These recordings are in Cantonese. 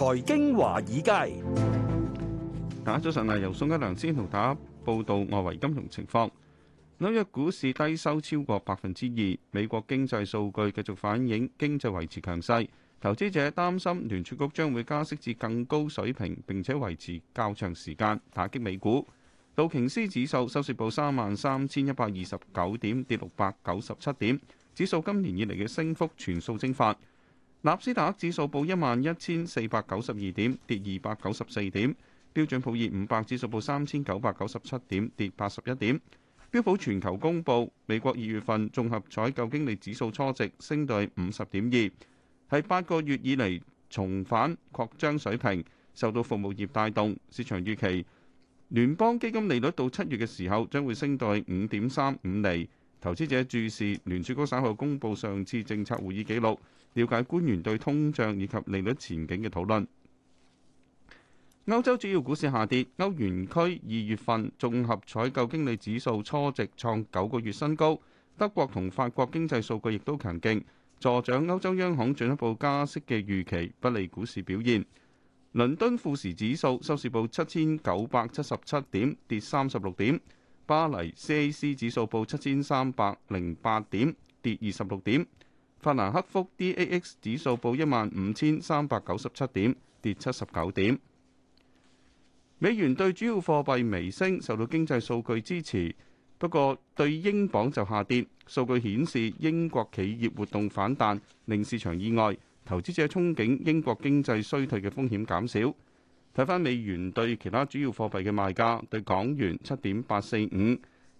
財經華爾街，嗱，早晨啊！由宋一良先同大家報道外圍金融情況。紐約股市低收超過百分之二，美國經濟數據繼續反映經濟維持強勢，投資者擔心聯儲局將會加息至更高水平，並且維持較長時間，打擊美股。道瓊斯指數收市報三萬三千一百二十九點，跌六百九十七點，指數今年以嚟嘅升幅全數蒸發。納斯達克指數報一萬一千四百九十二點，跌二百九十四點。標準普爾五百指數報三千九百九十七點，跌八十一點。標普全球公布，美國二月份綜合採購經理指數初值升到五十點二，係八個月以嚟重返擴張水平，受到服務業帶動。市場預期聯邦基金利率到七月嘅時候將會升到五點三五厘。投資者注視聯儲局稍後公佈上次政策會議記錄，了解官員對通脹以及利率前景嘅討論。歐洲主要股市下跌，歐元區二月份綜合採購經理指數初值創九個月新高，德國同法國經濟數據亦都強勁，助長歐洲央行進一步加息嘅預期，不利股市表現。倫敦富時指數收市報七千九百七十七點，跌三十六點。巴黎 CAC 指數報七千三百零八點，跌二十六點。法蘭克福 DAX 指數報一萬五千三百九十七點，跌七十九點。美元對主要貨幣微升，受到經濟數據支持，不過對英鎊就下跌。數據顯示英國企業活動反彈，令市場意外，投資者憧憬英國經濟衰退嘅風險減少。睇返美元對其他主要貨幣嘅賣價，對港元七點八四五，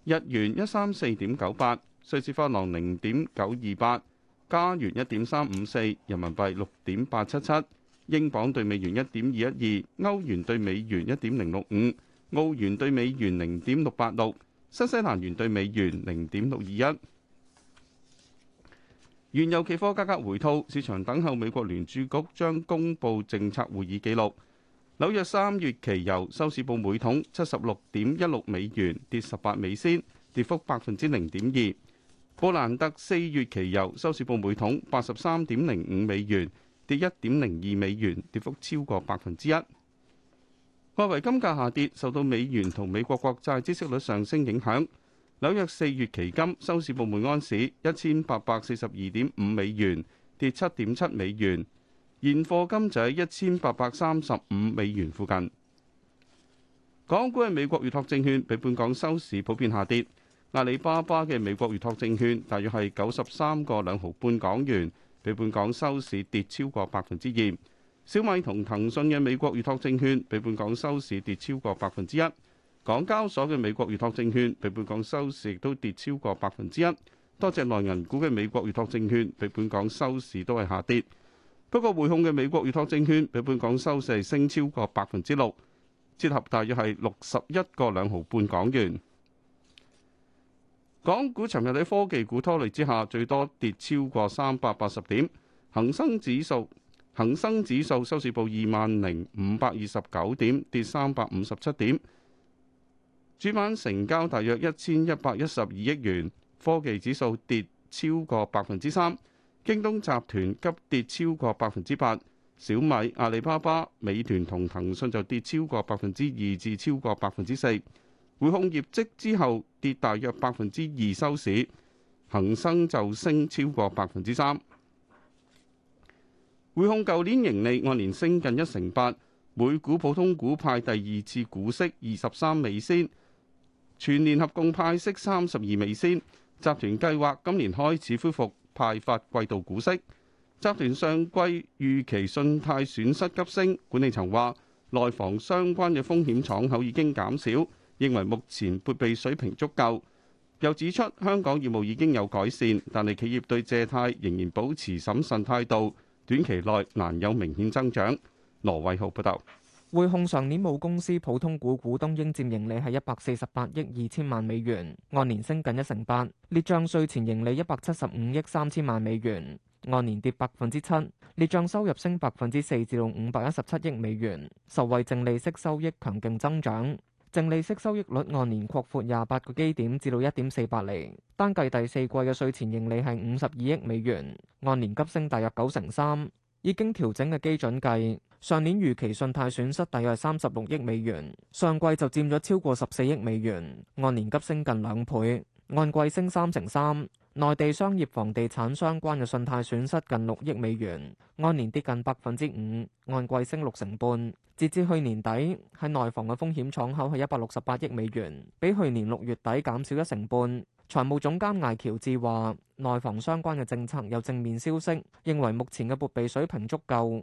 日元一三四點九八，瑞士法郎零點九二八，加元一點三五四，人民幣六點八七七，英鎊對美元一點二一二，歐元對美元一點零六五，澳元對美元零點六八六，新西蘭元對美元零點六二一。原油期貨價格回吐，市場等候美國聯儲局將公布政策會議記錄。紐約三月期油收市報每桶七十六點一六美元，跌十八美仙，跌幅百分之零點二。布蘭特四月期油收市報每桶八十三點零五美元，跌一點零二美元，跌幅超過百分之一。外圍金價下跌，受到美元同美國國債孳息率上升影響。紐約四月期金收市報每安士一千八百四十二點五美元，跌七點七美元。現貨金就喺一千八百三十五美元附近。港股嘅美國預託證券比本港收市普遍下跌。阿里巴巴嘅美國預託證券大約係九十三個兩毫半港元，比本港收市跌超過百分之二。小米同騰訊嘅美國預託證券比本港收市跌超過百分之一。港交所嘅美國預託證券比本港收市亦都跌超過百分之一。多隻內銀股嘅美國預託證券比本港收市都係下跌。不過，匯控嘅美國預託證券比本港收市升超過百分之六，折合大約係六十一個兩毫半港元。港股尋日喺科技股拖累之下，最多跌超過三百八十點。恒生指數恆生指數收市報二萬零五百二十九點，跌三百五十七點。主板成交大約一千一百一十二億元，科技指數跌超過百分之三。京東集團急跌超過百分之八，小米、阿里巴巴、美團同騰訊就跌超過百分之二至超過百分之四。匯控業績之後跌大約百分之二收市，恒生就升超過百分之三。匯控舊年盈利按年升近一成八，每股普通股派第二次股息二十三美仙，全年合共派息三十二美仙。集團計劃今年開始恢復。派發季度股息，集團上季預期信貸損失急升，管理層話內房相關嘅風險敞口已經減少，認為目前撥備水平足夠。又指出香港業務已經有改善，但係企業對借貸仍然保持審慎態度，短期內難有明顯增長。羅偉浩報道。滙控上年母公司普通股股東應佔盈利係一百四十八億二千萬美元，按年升近一成八；列賬稅前盈利一百七十五億三千萬美元，按年跌百分之七；列賬收入升百分之四至到五百一十七億美元，受惠淨利息收益強勁增長，淨利息收益率按年擴闊廿八個基點至到一點四八厘。單計第四季嘅稅前盈利係五十二億美元，按年急升大約九成三，已經調整嘅基準計。上年預期信貸損失大約三十六億美元，上季就佔咗超過十四億美元，按年急升近兩倍，按季升三成三。內地商業房地產相關嘅信貸損失近六億美元，按年跌近百分之五，按季升六成半。截至去年底，喺內房嘅風險敞口係一百六十八億美元，比去年六月底減少一成半。財務總監艾喬治話：內房相關嘅政策有正面消息，認為目前嘅撥備水平足夠。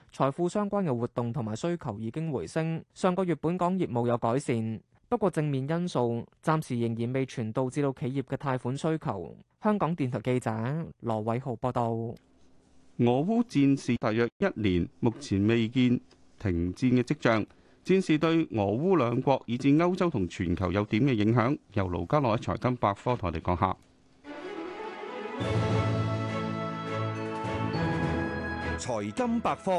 財富相關嘅活動同埋需求已經回升。上個月本港業務有改善，不過正面因素暫時仍然未傳導至到企業嘅貸款需求。香港電台記者羅偉豪報道。俄烏戰事大約一年，目前未見停戰嘅跡象。戰事對俄烏兩國以至歐洲同全球有點嘅影響。由盧家樂喺財金百科同我哋講下。財金百科，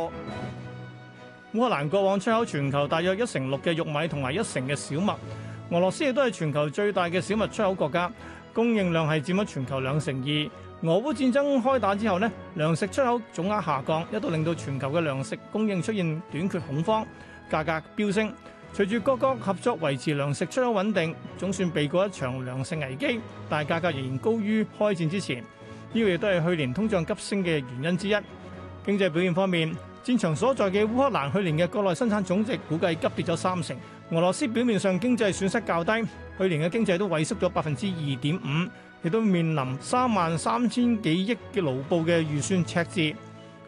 烏克蘭過往出口全球大約一成六嘅玉米同埋一成嘅小麥，俄羅斯亦都係全球最大嘅小麥出口國家，供應量係佔咗全球兩成二。俄烏戰爭開打之後呢，糧食出口總額下降，一度令到全球嘅糧食供應出現短缺恐慌，價格飆升。隨住各國合作維持糧食出口穩定，總算避過一場糧食危機，但係價格仍然高於開戰之前。呢個亦都係去年通脹急升嘅原因之一。經濟表現方面，戰場所在嘅烏克蘭去年嘅國內生產總值估計急跌咗三成。俄羅斯表面上經濟損失較低，去年嘅經濟都萎縮咗百分之二點五，亦都面臨三萬三千幾億嘅盧布嘅預算赤字。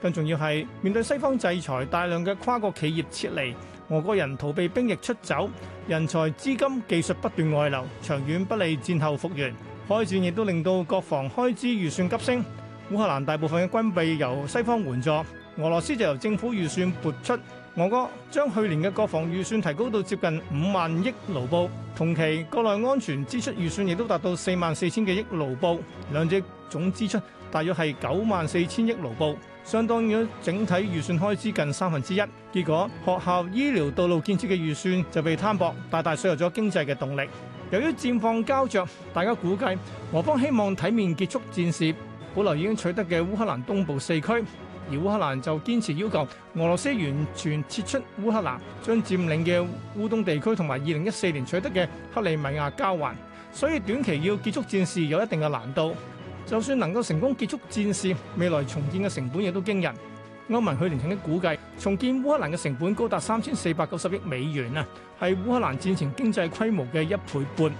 更重要係面對西方制裁，大量嘅跨國企業撤離，俄國人逃避兵役出走，人才、資金、技術不斷外流，長遠不利戰後復原。開戰亦都令到國防開支預算急升。烏克蘭大部分嘅軍備由西方援助，俄羅斯就由政府預算撥出。俄國將去年嘅國防預算提高到接近五萬億盧布，同期國內安全支出預算亦都達到四萬四千幾億盧布，兩者總支出大約係九萬四千億盧布，相當於整體預算開支近三分之一。結果學校、醫療、道路建設嘅預算就被攤薄，大大削弱咗經濟嘅動力。由於戰況膠着，大家估計俄方希望體面結束戰事。保留已經取得嘅烏克蘭東部四區，而烏克蘭就堅持要求俄羅斯完全撤出，烏克蘭將佔領嘅烏東地區同埋二零一四年取得嘅克里米亞交還，所以短期要結束戰事有一定嘅難度。就算能夠成功結束戰事，未來重建嘅成本亦都驚人。歐盟去年曾經估計重建烏克蘭嘅成本高達三千四百九十億美元啊，係烏克蘭戰前經濟規模嘅一倍半。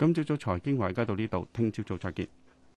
今朝早財經華爾街到呢度，聽朝早再見。